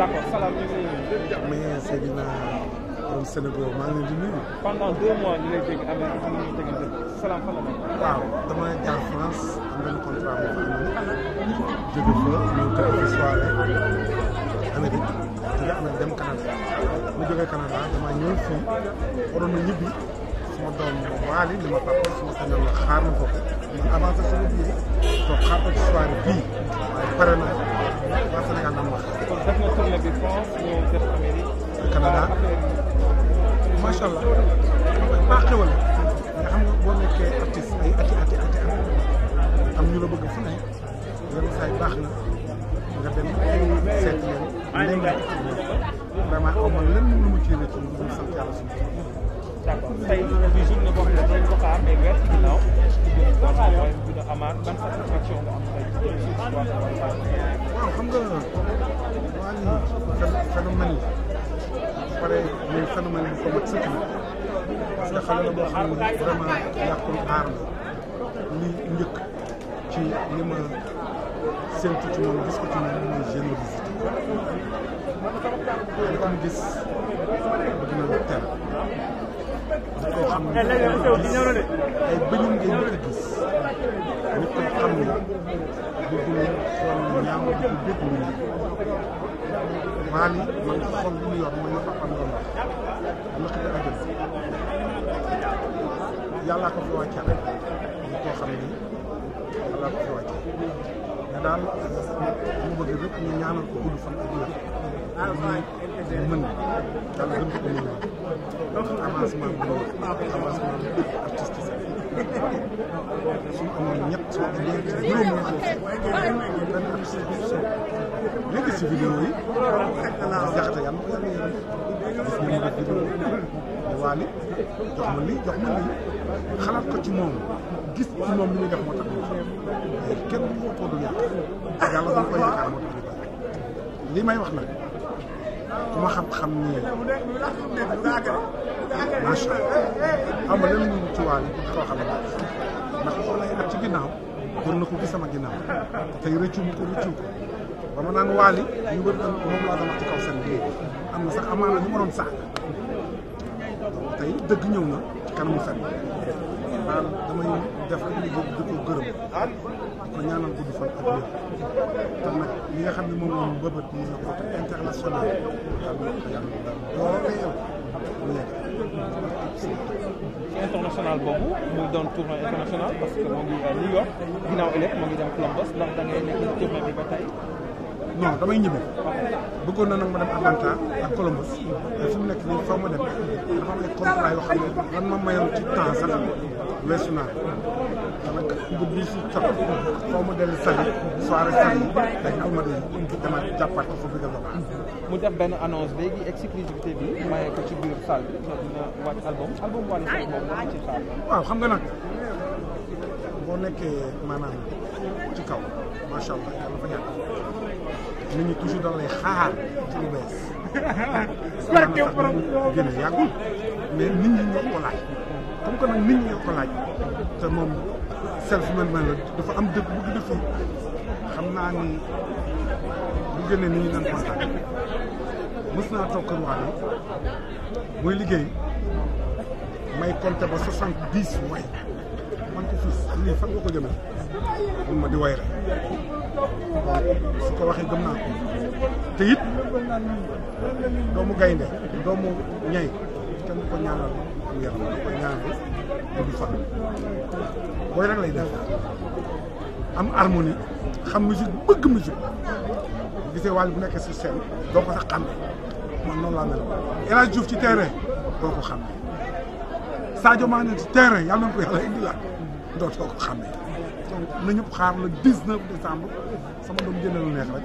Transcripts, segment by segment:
d'accord mais Seydina borom Sénégal maa ngi leen di nuyu. pendant deux mois ñu lay dégg amee ak ñu tegante salaam fan la nekk. waaw dama jaar France am benn contrat bu fa amee jóge fa ñu traité soirée année bi jóge amee dem Canada mu jógee Canada dama ñëw fii waroon na ñibbi sama doom waali li ma papa suma sañoon la xaar ma ko ma avancé sama biir toog xaar ko ci soirée bii waaye pare na waa Sénégal dama wax. la défense ñëw def Amérique. Canada ah, macha allah baax xewal nga xam nga boo nekkee artiste ay ati ati ati am ñu la bëgg fu ne yenn saa yi baax na nga dem seet leen ne nga vraiment aw ma lenn lu mu ci yéene ci lu dul sant yàlla suñu d'accord tey bi journée boo xam ne dañ ko xaar mais weer ci ginnaaw waaw xam nga. phénomène la pare muy bu ko mat sëkk la parce que xale boo xam ne vraiment yàqul aar la li njëkk ci li ma séntu ci moom gis ko ci moom gis ne ay bëñum nga njëkk a xam ne bëggul ñaaw di dégg nit ñi Wally man xol bu mu yor mooy li papam doon wax dama ko def a jël yàllaa ko fi wàcce rek daal mu bëgg rek ñu ñaanal ko gudd fan ak wér ñu mën daal gën ko mën avancement bu avancement artistique suñu amoon ñett juróom benn artiste bi so léegi si vidéo yi jaxate yàlla ko yàlla mu def vidéo waali jox ma lii jox ma lii xalaat ko ci moom gis ci moom li ñu def moo tax kenn ku ko du yàq yàlla dañ ko yaakaar moo tax ñu bari li may wax nag xam-xam nii macha am na leneen ñu ci na ginnaaw doon sama ginnaaw ma naan waali ñu bëri tam moom laa doon wax tey dëgg ñëw na ci kanamu fenn. maanaam damay def rek li bëgg di ko gërëm ko ñaanal gudd fan ak wér te nag nga xam ne moom moom bëbët mu ne ko te international daal moo ko yàlla daal mu boobu muy doon tournoi international parce que moo ngi New York ginnaaw ëllëg moo ngi dem Columbus ndax que ngay nekk ci tournoi bi ba tey non damay ñibbi bëggoon na nag ma dem Atlanta ak Columbus fu mu nekk nii faw ma dem dafa am ay contrat yoo weesu naa daanaka guddi si sax foo mu dellu sali soirée sali day almadi demaat ko foofu nga mu dem benn annonce léegi exclusivité bi maye ko ci biir sal bi dina wàcc album album Wally Seck moom ci salle waaw xam nga nag boo nekkee maanaam ci kaw macha allah yàlla fa yàgg nit ñi toujours dañ lay ci lu bees. barke borom gën a yàggul mais nit ñi ñoo ko laaj comme nag nit ñi ñoo ko te moom self man man dafa am dëkk bu gën a xam naa ni bu gënee nit ñi dañ kontaan mës naa toog kër waa muy liggéey may compter ba soixante dix way man ko fils lii fan nga ko jëmee mun ma di way rek su ko waxee gëm naa ko te it doomu gaynde doomu ñay kenn du ko ñaanal mu yaram du ko ñaanal mu fan booy rek lay def am harmonie xam musique bëgg musique bu gisee wàll bu nekkee si scène doo ko sax xàmme man noonu laa mel El Hadj Diouf ci terrain doo ko xàmme Sadio Mané ci terrain yàlla na ko yàlla indilaat dootoo ko xàmmee donc na ñëpp xaar le 19 décembre sama doom jëndal neex rek.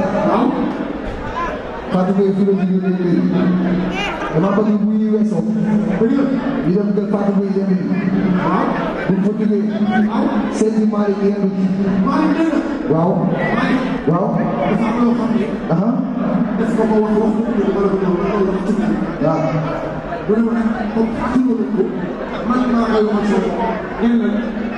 jugee fii la jugee béy dama bëgg bu ñuy weesoo ñu dem de Fatou Mbaye ah, ah, yéen bi bu fa jugee seeti Malick yéen bi waaw waaw aha waaw bu ne ma ne comme